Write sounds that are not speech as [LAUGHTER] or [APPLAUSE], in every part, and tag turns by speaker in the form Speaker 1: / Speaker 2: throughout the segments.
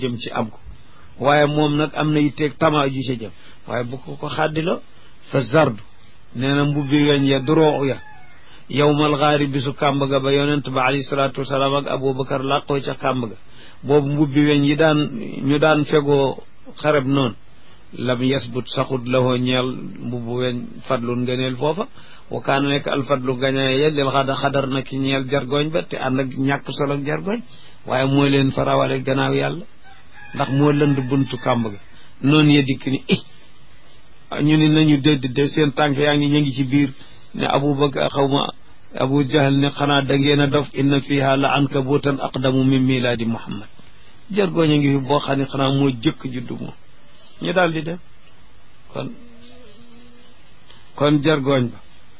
Speaker 1: jëm ci am ko waaye moom nag am na yitteeg tama ju ca waaye bu ko ko xaddi la fa zardu nee mbubbi weñ ya duroo ya yowmal xaari bisu kàmb ga ba yonent ba alayhi salaatu wasalaam ak aboubacar làqoo ca kàmb ga boobu mbubbi weñ yi daan ñu daan fegoo xarab noonu lam yasbut saxut lahoo ñeel mbubbu weñ fadlun ngëneel foofa wa kaana nekk alfadlu gañaye ya lil xada xadar na ki ñeel jargoñ ba te ànd ak ñàkk solo jargoñ waaye mooy leen farawale gannaaw yàlla ndax moo lënd buntu kàmb ga noon ya dikk ni i eh, ñu ni nañu dëdd de seen tànk yaa ngi ñu ci biir ne abubakar xaw ma abu jahal ne xanaa da a dof inna fiha la ankabutan aqdamu min milaadi muhammad jargooñ a ngi fi boo xam xanaa moo jëkk juddu moom ñu daal di kon kon ba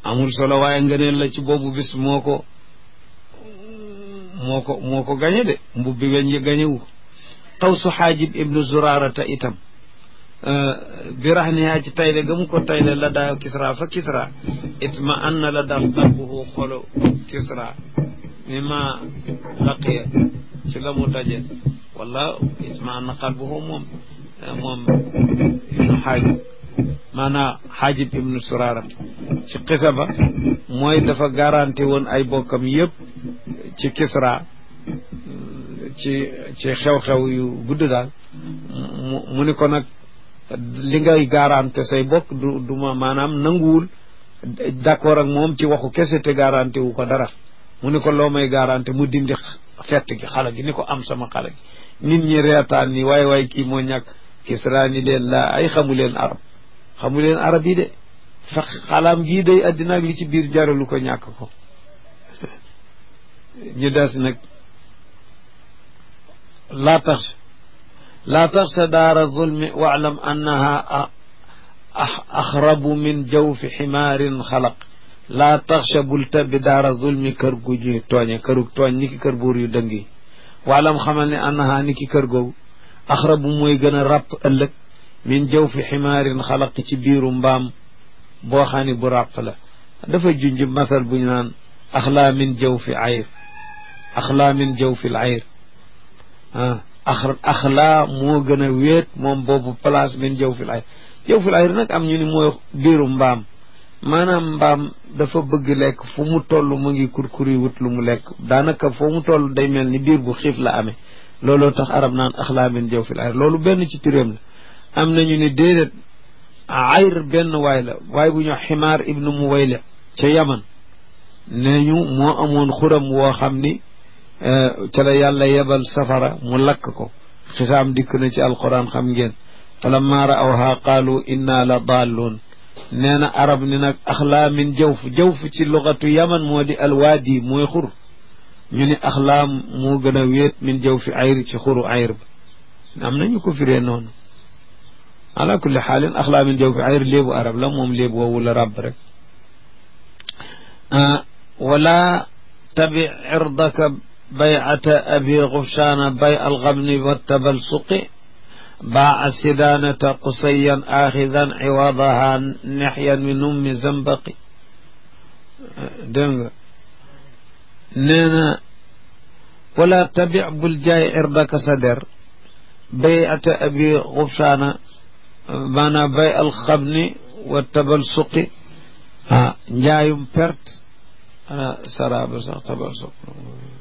Speaker 1: amul solo waaye ngëneel la ci boobu bis moo ko moo ko moo ko gañe de mbubbi weñ yi gañewu xawsu xaajib ibnu zuraarata itam bi raxnihaa ci tayle ga mu ko tayle la daa kisra fa kisra itma anna la daal qalbuhu xolu kisra mi ma laqiya ci la mu daje wala itma anna qalbuhu moom moom ibnu xaajib maanaam xaajib ibnu suraarat ci xisa ba mooy dafa garanti woon ay bokkam yëpp ci kisra ci ci xew-xew yu gudd daal mu ne ko nag li ngay garante say bokk du du ma maanaam nanguwul d'accord ak moom ci waxu kese te garanté wu ko dara mu ne ko loo may garanté mu dindi fett gi xale gi ni ko am sama xale gi nit ñi reetaan ni waay waay kii moo ñàkk kisraa ni leen laa ay xamu leen arab xamu leen arab yi de fa xalaam gii day addinaak li ci biir jaralu ko ñàkk ko [LAUGHS] ñu des nag laa tax laa taxsa daara zulmi waalam annaha axrabu min jawfi ximaarin xalaq laa taxsa bul tabbi daara zulmi kër gu ñuy tooñe këru tooñ ni ki kër buur yu dëng yi waalam xamal ne annaha ni ki kër googu axrabu mooy gën a ràpp ëllëg min jawfi ximaarin xalaq ci biiru mbaam boo xam ne bu ràpp la dafa junj masal bu ñu naan axlaa min jawfi ayr axlaa min jawfi ayr Ah. axra axlaa moo gën a wéet moom boobu place min jëw fil ayr jëw fil ayr nag am ñu ni mooy biiru mbaam maanaam mbaam dafa bëgg lekk fu mu toll mu ngi kurkuri wut lu mu lekk daanaka foo mu toll day mel ni biir bu xiif la amee looloo tax arab naan axlaa min jëw fil ayr loolu benn ci turéem la am nañu ni déedéet ayr benn waay la waaye bu ñu ximaar ibnu muwayla ca yaman nee ñu moo amoon xuram woo xam ni ca la yàlla yebal safara mu lakk ko xisaam dikk na ci alquran xam ngeen falamma ra'awha qaalu inna la daalluun nee na arab ni nag axlaa min jawf jawf ci lugatu yaman moo di alwaadi mooy xur ñu ni axlaa moo gën a wéet min jawfi ayr ci xuru ayr ba am nañu ko firee noonu ala kulli xaalin axlaa min jawfi ayr léebu arab la moom léebu woowu la ràbb rek ah, wala tabi irdaka بيعة أبي غفشان بيع الغبن والتبلسق باع السدانة قصيا آخذا عوضها نحيا من أم زنبق dégg nga nee na wala tabi bul jaay irdaka sa der bayata abi xubsaana maanaam bay alxabni wa tabal suqi ah njaayum perte ana ah, saraba sax tabal suqi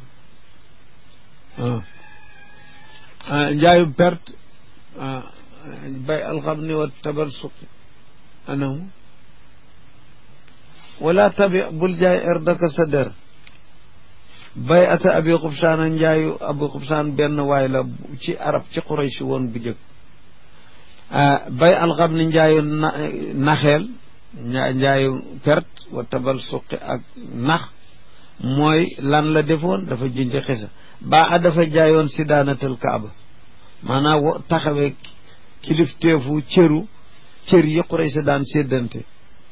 Speaker 1: Ah. Ah, njaayu perte ah, bay alxamni wa tabarsuqi anamu wala tabi bul jaay erdaka sa der bay ata abi xubsaan a njaayu abi xubsaan benn waay la ci arab ci quraysh woon bu jëkk bay alxamni njaayu naxeel njaayu perte wa tabarsuqi ak nax mooy lan la defoon dafa junj xisa baa a dafa jaayoon si daanatal kaaba maanaam taxawee kilifteefu cëru cër yi Quraysh si daan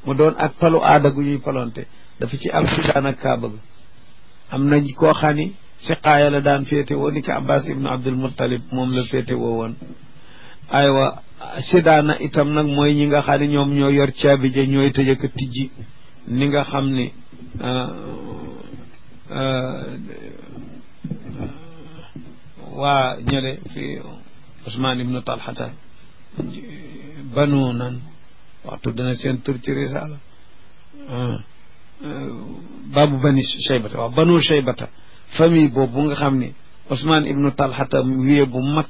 Speaker 1: mu doon ak palu aada gu ñuy palonte dafa ci am si kaaba ga am nañ ko xam ni siqaaya la daan féete woo ni Abbas ibnu Abdul Muttalib moom la féete woo aywa sidaana itam nag mooy ñi nga xam ne ñoom ñoo yor caabi ja ñooy tëj ak tijji ni nga xam ne waa ñële fi Ousmane ibnu Talxata banu nan waxtu dana seen tur ci risaala ah, eh, baabu bani Cheybata waaw boobu nga xam ne Ousmane ibnu Talxata wiyee bu mag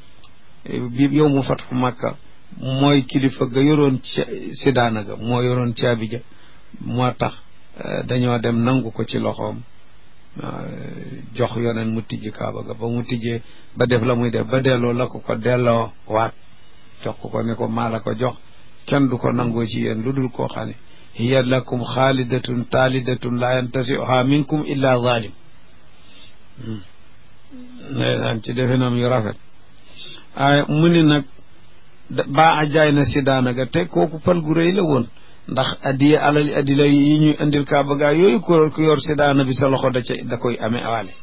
Speaker 1: eh, yow mu fatku Makka mooy kilifa ga yoroon sidaana ga moo yoroon caabi ja tax eh, dañoo dem nangu ko ci loxoom jox yonen mu tijji kaaba ga ba mu ba def la muy def ba delloo la ko ko delloo waat jox ko ko ne ko maa ko jox kenn du ko nangoo ci yéen lu dul koo xam ne hiya lakum xaalidatun taalidatun laa yantasiuha minkum illa zalim hmm. ndeysaan ci definam yu rafet waaye mu ni nag ba ajaay na si daanaga te kooku pal gu rëy la woon ndax addiye alal addila yi ñuy indil kaaba gaa yooyu ku ku yor bi sa loxo da ca da koy amee awaale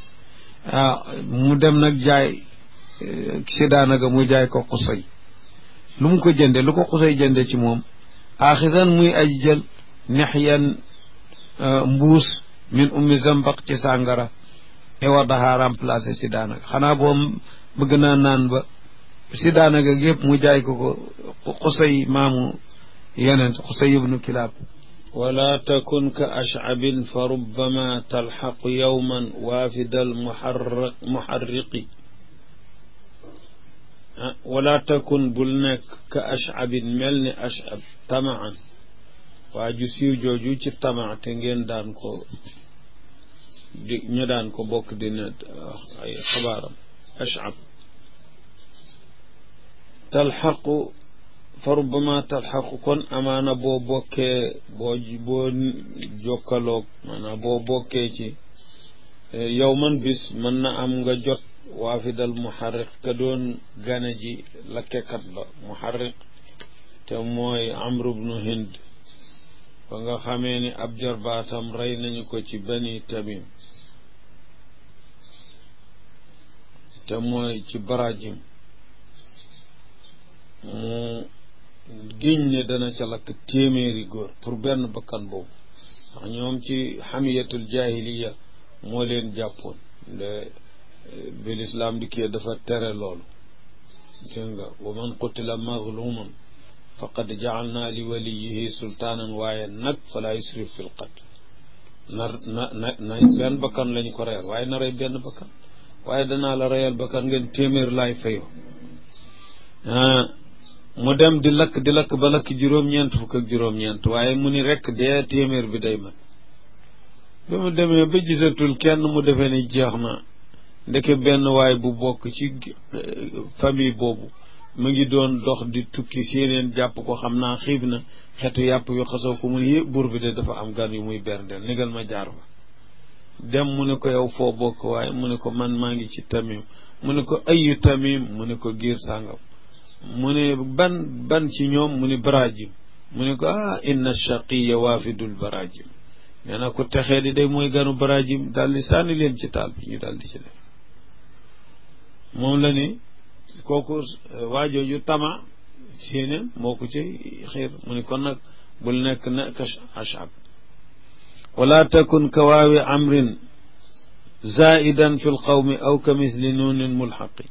Speaker 1: ah, mu dem nag jaay eh, si ga mu jaay ko xusay lu mu ko jënde lu ko xusay jënde ci moom aaxidan muy aji jël nexyan eh, mbuus min ummi zambaq ci sàngara e war daxaa remplacé si ga xanaa boom bëgg naa naan ba si ga gépp mu jaay ko ko maamu yonent Xusay ibnu Kilaab wala takun ka ashcabin fa rubbama talxaqu yowman waafidal muxarraq muxarriqi ah, wala takun bul nekk ka ashcabin mel ni ashcab tamaan waa ju siiw jooju ci tamaa te ngeen daan ko di ñu daan ko bokk dina ay xabaaram ashcab talxaqu fa rubbama talxaqu kon amaana boo bokkee boo boo jokkaloog maanaam boo bokkee ci e, yow man bis mën na am nga jot waafidal muxarriq ka doon gane ji lakkekat la muxarriq te mooy amru bnu hind ba nga xamee ni ab jarbaatam rey nañu ko ci bani tamim te mooy ci barajim mu géñ ne dana ca lakk pour benn bakkan boobu ndax ñoom ci xamiyatul jaahiliya moo leen jàppoon de eh, bi lislaam di kii dafa tere loolu dégg nga wa man qutila mazluman faqad jaalna li waliyihi sultaanan waaye nag fala yusrif fi lqatl na benn bakkan lañ ko reyal waaye na rey benn bakkan waaye danaa la reyal bakkan ngeen téeméer laay fayoo ah. mu dem di lakk di lakk ba lakk juróom-ñeent fukk ak juróom-ñeent waaye mu ni rekk dee téeméer bi day mat ba mu demee ba gisatul kenn mu defee ni jeex na ndeke benn waay bu bokk ci eh, famille boobu mu ngi doon dox di tukki séeneen jàpp ko xam naa xiib na xetu yàpp yu xasoo ko mu ne eh, buur bi de dafa am gan yu muy berndeel nigal ma jaar fa dem mu ne ko yow foo bokk waaye mu ne ko man maa ngi ci tamim mu ne ko ayu tamim mu ne ko giir sàngam mu ne ban ban ci ñoom mu ni barajim mu ne ko ah inna shaqiya waafidul barajim nee na ku texee di day mooy ganu barajim daal di sànni leen ci taal bi ñu daal di ci def moom la ne kooku eh, waajooju tama séene moo ci xiir mu ne kon nag bul nekk na ka ashab wala takun ka waawi amrin zaidan fi lqawmi aw ka misli nuunin mulxaqi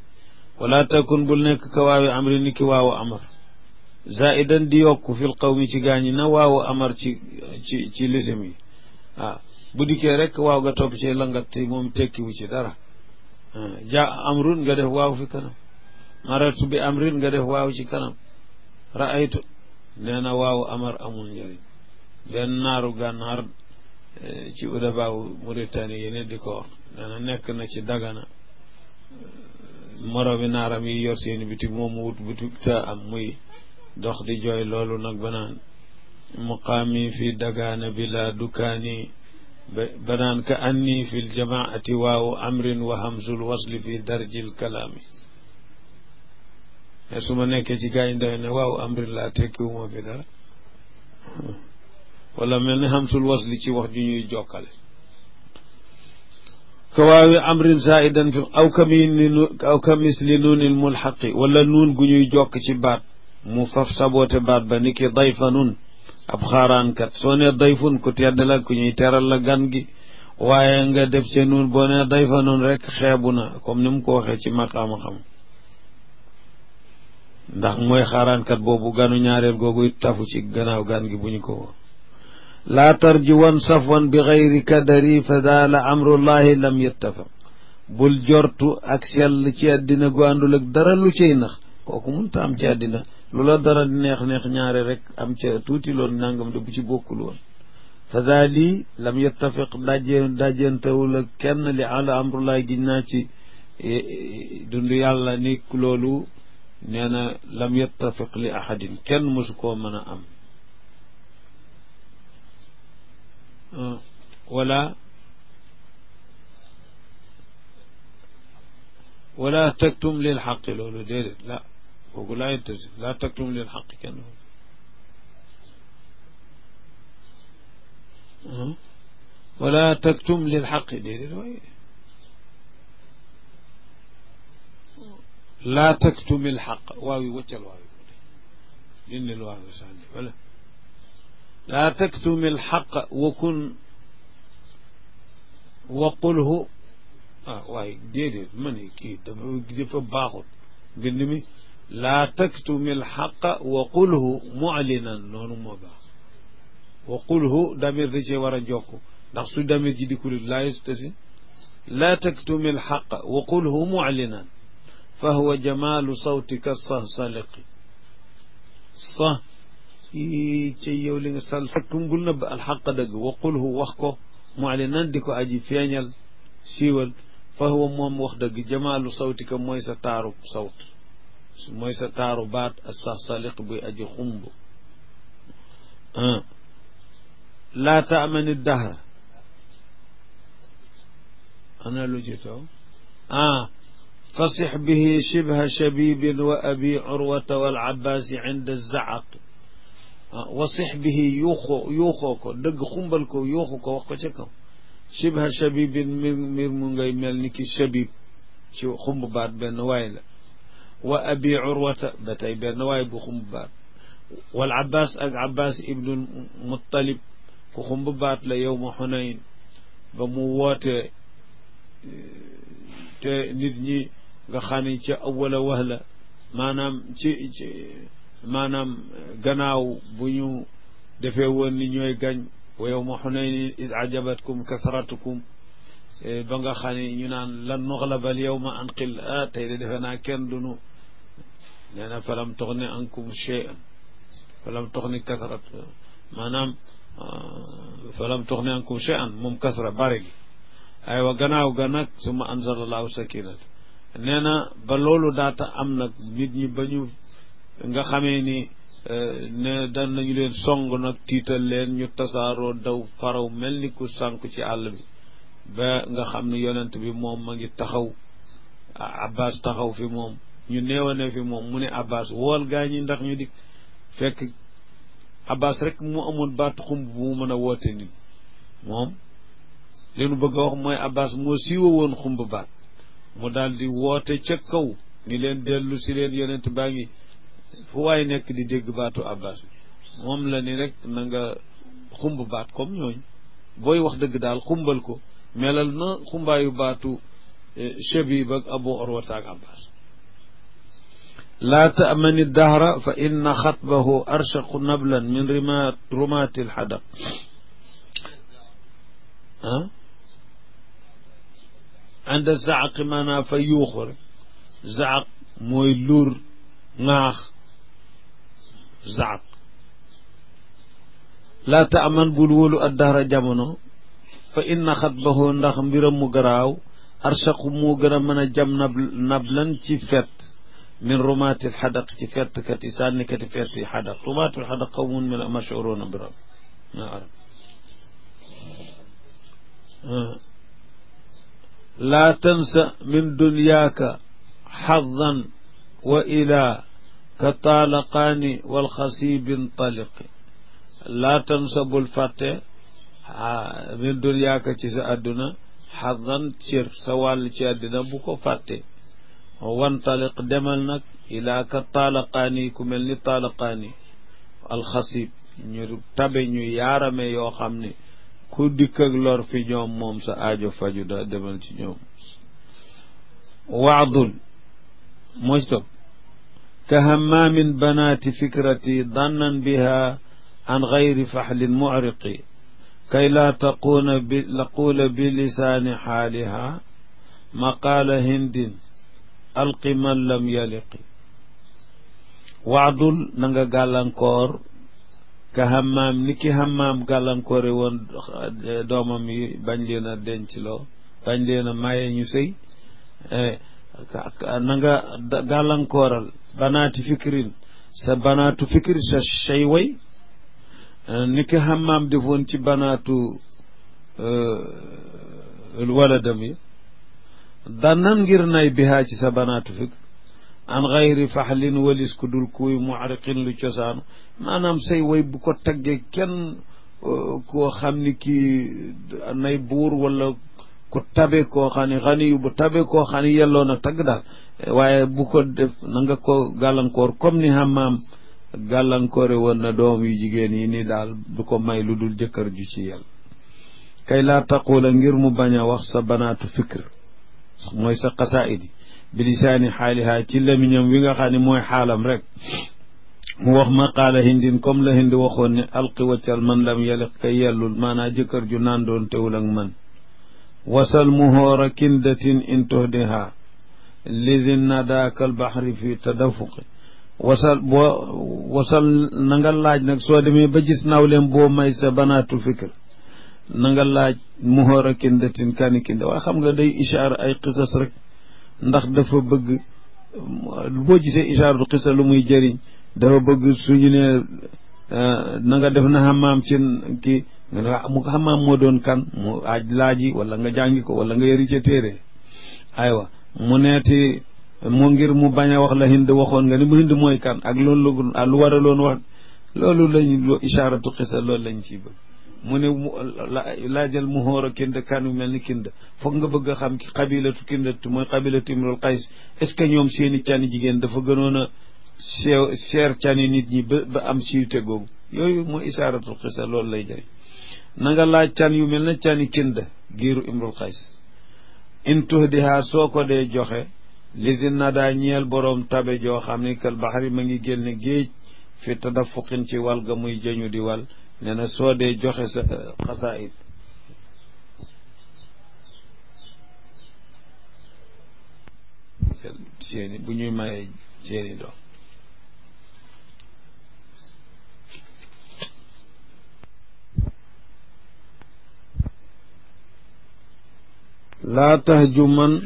Speaker 1: wala takun bul nekk ka waawi amri ni ki waawu amar zaidan di yokk fil qawmi ci gaañi na waawu amar ci ci ci lisim yi waaw ah, bu dikkee rek waaw nga topp ci langat moom tekkiwu ci dara ah, ja amrun nga def waaw fi kanam maratu bi amrin nga def waaw ci kanam raaytu nee waawu amar amul njëriñ benn naaru gànnaar eh, ci udabaawu Mauritanie nekk na ci dagana moroomi naaram yi yor seeni butig moom mu wut butig am muy dox di jooy loolu nag banaan muqaami fi dagaana bila dukaani banaan ka anni fi ljamaati waaw amrin wa hamzul wasli fi darjil kalaami mais su ma nekkee ci gaa yi ne waaw amrin laa tekkiwu ma fi dara wala mel ni hamzul wasli ci wax ju ñuy jokkale kawaawi amrin zaidan fi aw kamin aw kamis li nuunil mulxaqi wala nun gu ñuy jokk ci baat mu faf saboote baat ba ni ki dayfa ab xaaraankat soo ne dayfun ku tedd la ku ñuy teral la gan gi waaye nga def ca nuun boo ne dayfa nun rek xeebu na comme ni mu ko waxee ci maqaama xam ndax mooy xaaraankat boobu ganu ñaareel googu tafu ci gannaaw gan gi bu ñu ko laa tarjuwan safwan bi xayri kadari fa daala amrullahi lam yettafaq bul jortu ak sell ci àddina gu àndul ak dara lu cay nax kooku mënta am ci àddina lu la dara neex-neex ñaare rek am ca tuuti loon nangam de bu ci bokkul woon fa daali lam yettafiq dajee dajentewul ak kenn li ala amrullahi giñ naa ci dund yàlla ni loolu nee na lam yettafiq li ahadin kenn mosu koo mën a am Euh, wala wala taktum lil xaqi loolu déedéet la kooku laa yetasi laa taktum lil xaqi kenn hmm? wala taktum lil xaqi déedéet waaye laa taktum il xaq waaw yi wëccal waaw yi dindil waaw sànni wala laa taktum alxaq wa kun waqulhu ah waaye déedéet ma ne kii dafa dafa baaxut mbind mi laa taktum alxaq wa qulhu mulinan noonu moo baax wa qulhu damir da cee war a jokk ndax su damir ji dikkulit laa yustasi laa taktum alxaq wa qulhu mulinan fa huwa jamaalu sawtika sahsaliqi sah ci yow li nga sal faktum bul nëbb alxaq dëgg waqulhu wax ko mu'linan di ko aji feeñal siiwal fa huwa moom wax dëgg jamaalu sawtika mooy sa taaru sawt mooy sa taaru baat ak sax saliq buy aji xumb ah. laa taamani dahra ana lu ci taw ah fasix bihi shibha shabibin wa abi urwata wal abbasi inda zaaq Ah, wa sixbihi yuuxoo yuuxoo ko dëgg xumbal ko yuuxu ko wax ko ca kaw shibha shabibin mbir mbir mu ngay mel ni ki shabib ci xumb baat benn waay la wa abi urwata ba tey benn waay bu xumb baat wal abbas ak abbas ibnul muttalib ku xumb baat la yow ma xunayn ba mu woote te nit ñi nga xam ne ca awala wahla maanaam ci ci maanaam gannaaw bu ñu defee woon ni ñooy gañ wa yowma xunaynin id ajabatkum kasratukum e, ba nga xam ne ñu naan lan nuxlabal yowma an qil ah tey de defe naa kenn dunu nee na falam tox ni ankum cheyan falam tox ni kasrat maanaam falam tox ni ankum cheyan moom kasra bare gi aywa gannaaw ga nag suma anzal allahu sakinat nee na ba loolu daata am nag nit ñi ba ñu nga xamee ni euh, ne dan nañu leen song nag tiital leen ñu tasaaroo daw faraw mel ni ku sànk ci àll bi ba nga xam ni yonent bi moom ma ngi taxaw abbas taxaw fi moom ñu neewane fi moom mu ne abbas wool gaa ñi ndax ñu dikk fekk abbas rek mu amoon baatu xumb bu mu mën a woote nit moom leen bëgg a wax mooy abbas moo siiwa woon xumb baat mu daldi woote ca kaw ni leen dellu si leen yonent baa ngi fu waay nekk di dégg baatu abbas bi moom la ni rek na nga xumb baat comme ñooñ booy wax dëgg daal xumbal ko melal na xumbaayu baatu eh, Shabib ak Abu Urwata ak abbas laa tamani dahra fa inna xatbahu arshaqu nablan min rimat rumaati lxadaq ah anda zaaq maanaa fa yuuxu rek zaaq mooy luur ŋaax zaat laa taaman bul wóolu addahra jamono fa inna xatbahu ndax mbiram mu garaaw arshaqu moo gën a mën a jam nab nablan ci fett min rumaatil xadaq ci fettkati sànnikati fett yi xadaq rumaatil xadaq qawmun min mashuruuna bi rab laa tansa min dunyaaka xadan wa ilaa ka taalaqaani wal xasibin taliqi laa tansa bul fàtte min dunyaaka ci sa àdduna xadan cir sa wàll ci àddina bu ko fatte wan taliq demal nag ilaa taalaqaani ku mel ni taalaqaani alxasib ñu tabe ñu yaarame yoo xam ne ku dikk ak lor fi ñoom moom sa aajo faju da demal ci ñoom waadul mooy topp ka hammaamin banaati fikrati dannan biha an gayri faxlin mucriqi kay laa taquuna bi laquula bi lisaani xaaliha maqaala hindin alqi man lam yaliqi waadul na nga gàllankoor ka hammaam ni ki hammaam gàllankoore woon doomam yi bañ leen a denc loo bañ leen a maye ñu sëy na nga gàllankooral banaati fikrin sa banaatu fikri sa shay way eh, ni ki xamaam defoon ci banaatu eh, waladam yi dannan ngir nay bihaa ci sa banaatu fikr an xayri faxlin walis ku dul kuy lu cosaanu maanaam say way bu ko taggee kenn eh, koo xam ni kii nay buur wala ku tabe koo xam ne xani yu bu tabe koo xam ne yelloo na tagg daal waaye bu ko def na nga ko gàllankoor comme ni xamaam gàllankoore woon na doom yu jigéen yi ni daal du ko may lu dul jëkkër ju ci yàlla kay laa taqula ngir mu bañ a wax sa banaatu fikr mooy sa xasaayid yi bi lisaani xaalihaa ci lamiñam wi nga xam ne mooy xaalam rek mu wax ma qaala hindin comme la hindi waxoon ne alqi waccal man lam yaliq kay yellul maanaa jëkkër ju naan doon teewul ak man wasalmuhoora kindatin in tohdihaa lidin nadaakal baxri fi tadafuqi wasal boo wasal laaj nag soo demee ba gis nawleem boo may sa banaatu nanga laaj mu laaj muhoora kindatin kani kinda waaye xam nga day ishaar ay qisas rek ndax dafa bëgg boo gisee ishaar du lu muy jëriñ dafa bëgg suñu ne na def na xamaam ci ki nga ne waa moo doon kan mu laaj yi wala nga jàngi ko wala nga yëri ca téere aywa mu neeti mu ngir mu bañ a wax la hind waxoon nga ni mu hind mooy kan ak loolu lu war a loon wax loolu lañ ishaaratu xisa loolu lañ ci bëgg mu ne laajal mu hóor a kind kan mel ni kind foog nga bëgg a xam ki xabilatu kind mooy xabilatu imrul qays est ce que ñoom seeni cani jigéen dafa gënoon a can cani nit ñi ba ba am siiwte googu yooyu mooy isaaratul xisa loolu lay jëriñ na nga laaj can yu mel na cani kinda giiru imrul xays in tuhdihaa soo ko dee joxe lidi na daa ñeel boroom tabe joo xam ni kal baxari ma ngi génne géej fi tadafuqin ci wal ga muy jëñu di wal nee soo dee joxe sa eh, xasaayid seeni bu ñuy maye seeni doom laa ju man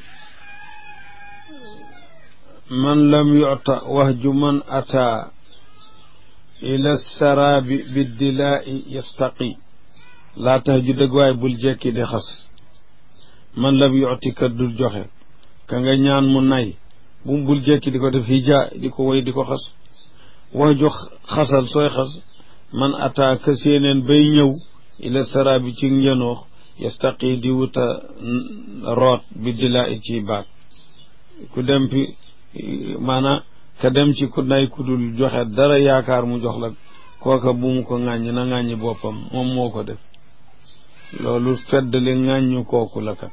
Speaker 1: man lam yuta ju man ataa ila saraabi biddilaa'i yastaqi laa tahju dëgg waay bul jekki di xas man lam yuti kat joxe ka nga ñaan mu nay bu bul jekki di ko def hija di ko woy di ko xas wahju xasal sooy xas man ataa ka séeneen bay ñëw ila saraabi ci njanoox yastaqi di wuta root bi di i ci baat ku dem fi maanaam ka dem ci ku nay kudul joxe dara yaakaar mu jox la kooka bu ko ŋàññ na ŋàññi boppam moom moo ko def loolu feddali ŋàññu kooku la kat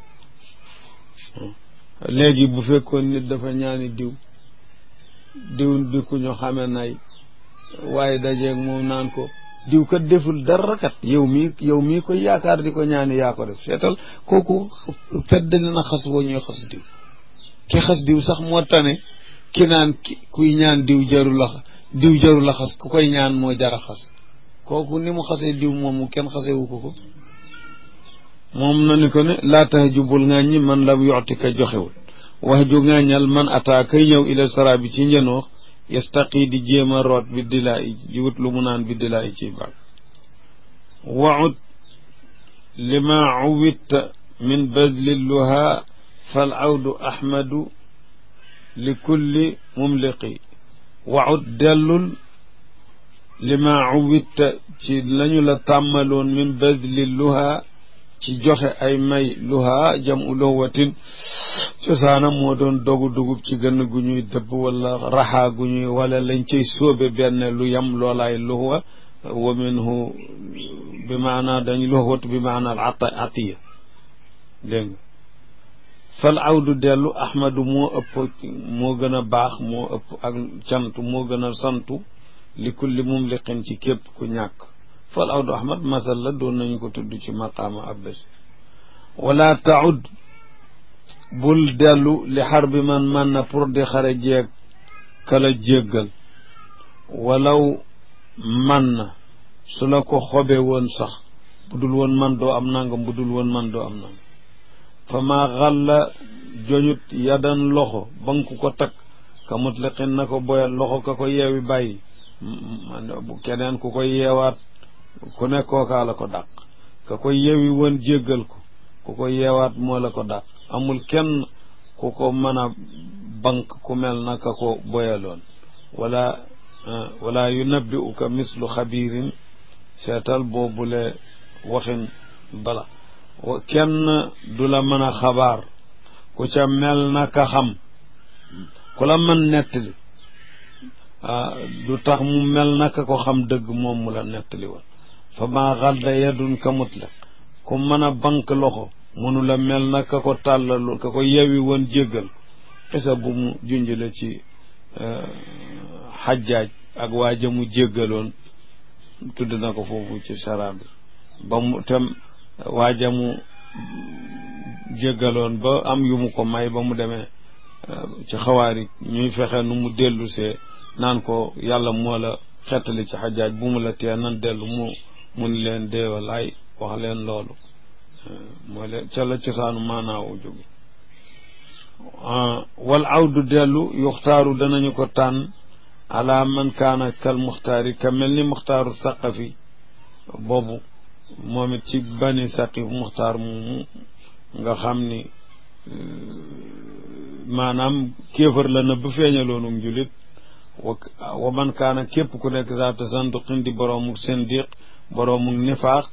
Speaker 1: léegi bu fekkoon nit dafa ñaani diw diw di ku ñu xame nay waaye dajeeg moom naan ko diw kat deful dara kat yow mii yow mii koy yaakaar di ko ñaani yaa ko def seetal kooku feddali na xas boo ñuy xas diw ki xas diw sax moo tane ki naan kuy ñaan diw jaru la diw jaru la xas ku koy ñaan moo jara xas kooku ni mu xasee diw moom kenn xasewu ko ko moom na ni ko ne laa tax jubul ŋaaññi man lam yoxti ka joxewul wax ju ŋaañal man ataa kay ñëw ila sara bi ci njenoox yastaqi di jéem a root bi di laa i di wut lu mu naan bi di laa i ciy baag waut li maa uwitta min badli luha fal awdu ahmadu li kulli mumliqi waut dellul li maa uwitta ci lañu la tàmmaloon min badli luha ci joxe ay may luhaa jamu luhwatin cosaanam moo doon dogu dugub ci gën gu ñuy dëbb wala raxaa gu wala lañ ci sóobe benn lu yam loolaay luhwa wa minhu bi maana dañ luhwatu bi maana al atiya dégg fal awdu dellu ahmadu moo ëpp moo gën a baax moo ëpp ak cant moo gën a santu li kulli mumliqin ci képp ku ñàkk fal awdu ahmad masal la doon nañu ko tudd ci maqaama abbas wala taud bul dellu li xar bi man man na pour di xare jeeg kala jéggal walaw man na su la ko xobe woon sax bu woon man doo am nanga bu woon man doo am nangam fa maa xalla joñut yadan loxo banku ko takk ka mutliqin na ko boyal loxo ka ko yeewi bàyyi keneen ku ko yeewaat ku ne kookaa la ko dàq ka ko yewi woon jéggal ko ku ko yeewaat moo la ko dàq amul kenn ku ko mën a bank ku mel na ka ko boyaloon wala euh, wala yunabbi uka mislu xabirin seetal boobule waxin bala kenn du la mën a xabaar ku ca mel na ka xam ku la mën nettali ah, du tax mu mel na ka ko xam dëgg moom mu la nettali woon fa maa xadda yadun ka mutlaq ku mën a bank loxo mënu la mel na ka ko tàllalu ka ko yewi woon jéggal xisa bu mu junj ci xajaaj euh, ak waa ja mu jéggaloon tudd na ko foofu ci saraab bi ba mu tam waa ja mu jéggaloon ba am yu mu ko may ba mu demee euh, ci xawaari ñuy fexe nu mu dellusee naan ko yàlla moo la xettali ci xajjaaj bu mu la tee nan dellu mu mun leen deewalaay wax leen loolu mooy leen ca la cosaanu maanaawu jóge ah, wal awdu dellu yuxtaaru danañu ko tànn ala man kaana kal muxtaari ka mel ni muxtaaru saqafi boobu moom it ci bani saqif muxtaar moomu nga xam ni eh, maanaam kéefar la na bu feeñaloonu njulit wa man kaana képp ku nekk zaata sanduqin di boroomu sendiq boroomu nifaaq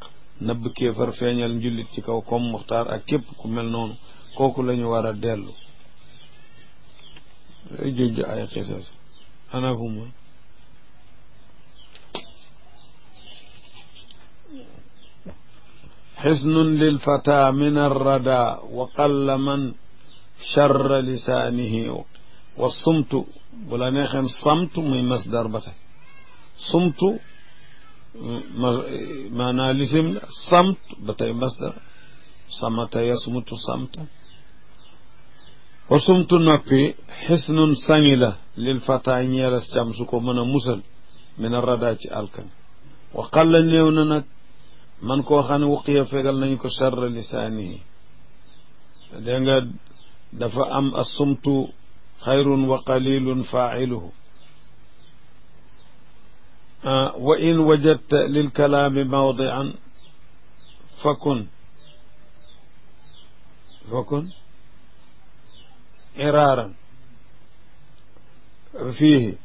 Speaker 1: nëbb kéefar feeñal njullit ci kaw comme muxtaar ak képp ku mel noonu kooku la ñu war a dellu ay jojj ay xisas anahuma xisnun lil fata min arrada wa qalla man charra lisaanihi wa sumtu bu la neexeen samtu muy masdar ba tey sumtu maanaa lisim la samt ba tey masdar samata yasmutu samta wa sumtu noppi xisnun sangi la lil fata ñeelas cam su ko mën a musal min a rada ci alkan wa qalla néew na nag man koo xam ne wuqiya fegal nañ ko charra lisaanihi dégg nga dafa am assumtu xayrun wa qalilun faa'iluhu wa in wajadta lil kalaami mawdian fakun fakun iraaran fiihi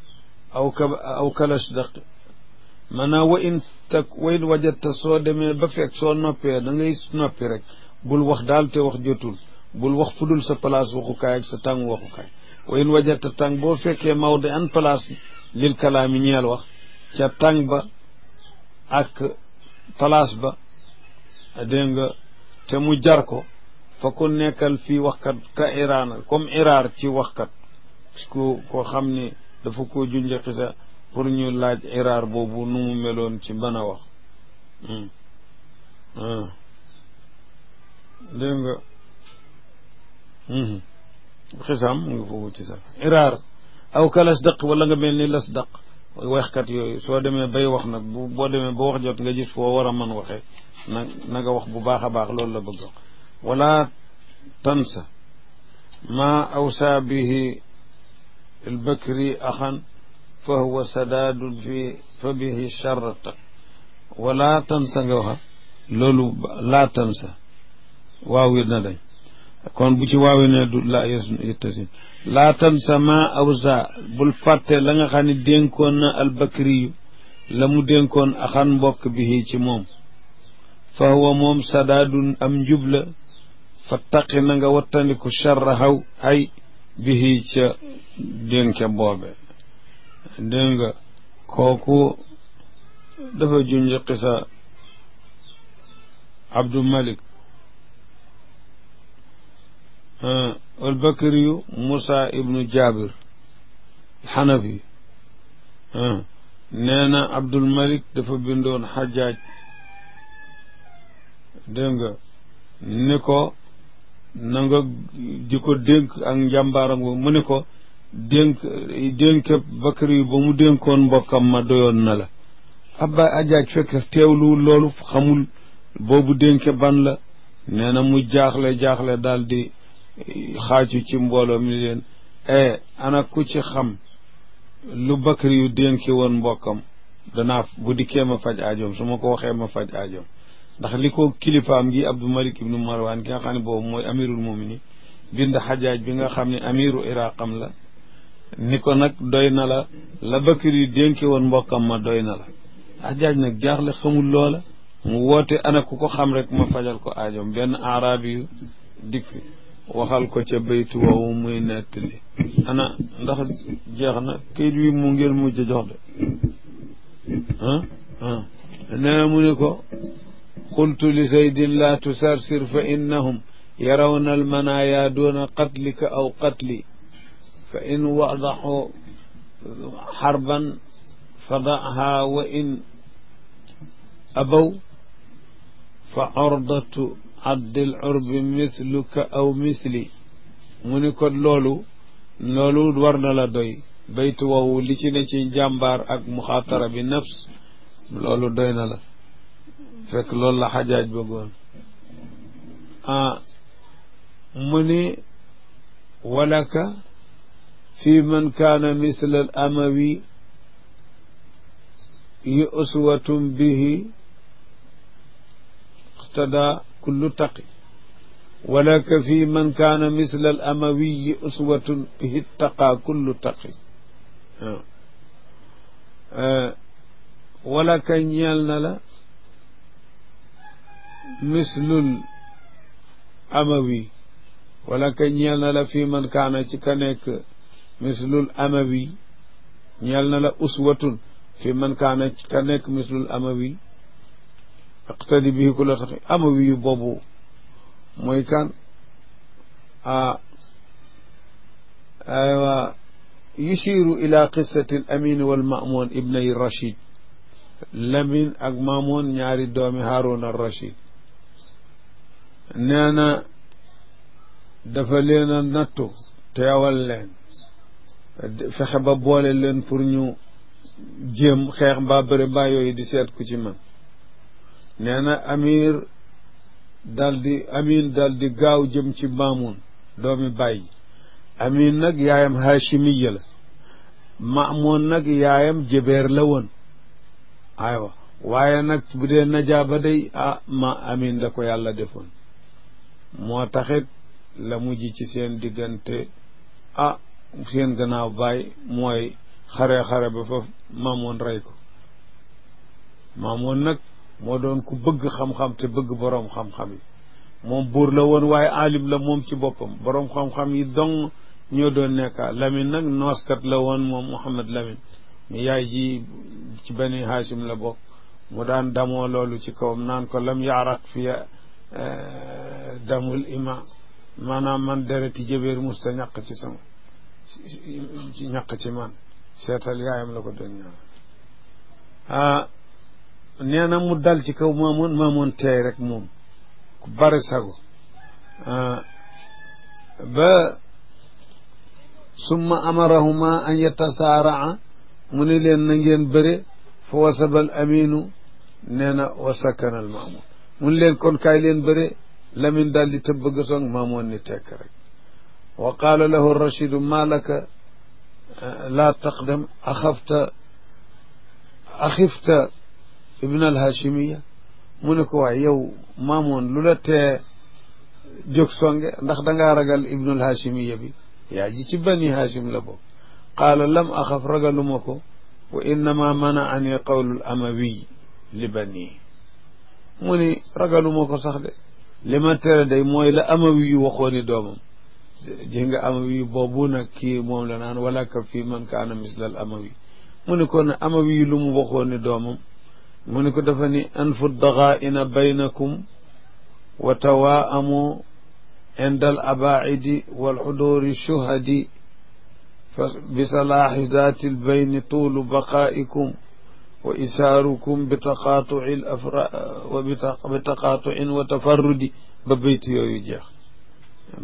Speaker 1: aw ka aw kalash maanaam wa in tak wa in wajadta soo demee ba fekk soo noppee da ngay noppi rek bul wax daal te wax jotul bul wax fudul sa place waxukaay ak sa tàng waxukaay wa in wajadta tàng boo fekkee mawdi an place lil kalaami ñeel wax ca tàng ba ak palaas ba dégg nga te mu jar ko fa ko nekkal fii waxkat ka iraana comme iraar ci waxkat ku ko xam ni dafa ko junj xisa pour ñu laaj iraar boobu nu mu meloon ci mën a wax hmm. Hmm. dégg nga hmm. xisaam mu ngi foofu ci sax iraar aw ka las daq wala nga mel ni las daq waxkat yooyu soo demee bay wax nag bu boo demee ba wax jot nga gis foo war a mën waxee na na wax bu baax a baax loolu la bëgg wax wala tansa ma awsaa bihi albakri axan fa huwa sadaadun fi fa bihi charrata wala tansa nga waxa loolu laa tansa waaw wi na dañ kon bu ci waawi ne du la yëttasin laa tansa ma awsa bul fàtte la nga xam ne dénkoon na albakriyu la mu dénkoon axan mbokk bi ci moom fa huwa moom sadaadun am njub la fa taqi na nga wattandiku charra haw ay bi ca dénke boobe dégg kooku dafa junj qisa Abdou Malik ah. albakariyu Moussa ibnu Jabir xanafi nee na Abdul Malik dafa bindoon xajaaj dégg ni ko nanga nga ko dénk ak njàmbaaram boobu mu ni ko dénk dénk bakari yu ba mu dénkoon mbokkam ma doyoon na la abba ajaaj fekk teewluwul loolu xamul boobu dénke ban la nee na mu jaaxle jaaxle daal di xaaju ci mbooloo mi leen e, ana ku ci xam lu bakari yu dénki woon mbokkam danaa bu dikkee ma faj aajoom su ma ko waxee ma faj aajoom ndax li ko kilifaam gi Abdou Malik ibnu Marwan ki nga xam ne boobu mooy amirul muminin bind xajaaj bi nga xam ne amiru iraqam la ni ko nag doy na la la bakari yu dénki woon mbokkam ma doy na la xajaaj nag jaaxle xamul loola mu woote ana ku ko xam rek ma fajal ko aajoom benn arabi yu dikk waxal ko ca baytu woowu muy nettali ana ndax jeex na këyit wi mu ngeen mujj jox de ah ah nee mu ne ko qultu li zaydin laa tusarsir fa innahum yarawna almanaya duuna qatlika aw qatli fa in wadaxu xarban fadaha wa in abaw fa ordatu abdil urbi misluka aw misli mu ni kon loolu loolu war na la doy baytu woowu li ci ne ci jàmbaar ak muxaatara bi nafs loolu doy na la fekk loolu la xajaaj bëggoon ah mu ni walaka fi man kaana misla al amawi yi uswatum bihi iqtada kullu taqi walaka fi man kaana misla al amawiyi uswatun ittaqaa kullu taqi waaw eh, walaka ñeel na la mislul amawi walaka ñeel na la fi man kaana ci ka nekk mislul amawi ñeel na la uswatun fi man kaana ci ka nekk mislul amawi iqtadi bihi kulla tax amawi yu boobu mooy kan a aywa yusiru ila qissati al amin wal mamoun ibnay rachid lamin ak mamoun ñaari doomi haroun al rachid nee na dafa leen a nattu teewal leen fexe ba boole leen pour ñu jéem xeex mbaa bëre mbaa yooyu di seet ku ci man nee na amir daldi amin daldi gaaw jëm ci maamun doomi bàyyi amin nag yaayam haachimiya la maamoon nag yaayam jëbeer la woon aywa waaye nag bu dee najaaba day ah ma amin la ko yàlla defoon moo taxit la mujj ci seen diggante ah seen gannaaw baay mooy xare xare ba fa maamoon rey ko maamoon nag moo doon ku bëgg xam-xam te bëgg boroom xam-xam yi moom buur la woon waaye aalim la moom ci boppam boroom xam-xam yi dong ñoo doon nekka Lamine nag nooskat la woon moom Mouhamad Lamine mi yaay ji ci Bani Hashim la bokk mu daan damoo loolu ci kawam naan ko lam yaaraq fiya eh, damul ima maanaam man dereti jëbeer musta ñàq ci sama ci ci man seetal yaayam la ko doon ñaan ah, nee na mu dal ci kaw maamoon maamoon teey rek moom ku bari sago ah, ba summa amarahuma an yatasaara'a mu ni leen na ngeen bëre fa wasabal aminu nee na wa sakkana al maamoon mu ni leen kon kaay leen bëre lamin daal di tëbbëgg song maamoon ni tekk rek wa qaala lahu rachidu maa laka laa taqdam axafta axifta ibn alhachimiya mu ne ko waay yow maamoon lu la tee jóg ndax danga ragal ibn alhachimiya bi yaa ji ci bani hachim la bokk qaala lam axaf ragaluma ko wa innama manaani qawlul amawiy li bani mu ni ragaluma ko sax de li tere day mooy la ama yu waxooni doomam ji nga amawi boobu nag ki moom la naan wala ka fii man kaana misla al amawi mu ni kon amawi lu mu waxooni doomam mu ne ko dafa ni anfu daxaa'ina baynakum wa tawaamu inda al abaidi wal xuduuri shuhadi fa bisalaahi daati lbayni tuulu baqaa'ikum wa isaarukum bitaqaatuci l afra wa bitaqaatucin wa tafarrudi ba bayt yooyu jeex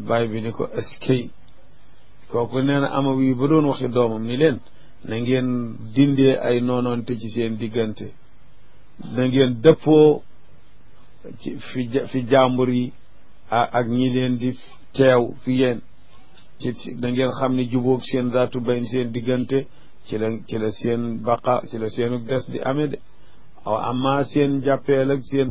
Speaker 1: bàyyi bi ni ko askay kooku nee na amaw yi ba doon waxi doomam ni leen na ngeen dindee ay noonoonte ci seen diggante da ngeen dëppoo fi fi jàmbur yi ak ñi leen di teew fi yéen ci da ngeen xam ne jubóog seen zaatu bayn seen diggante ci la ci la seen baqa ci la seenu des di ame de aw seen jàppeel ak seen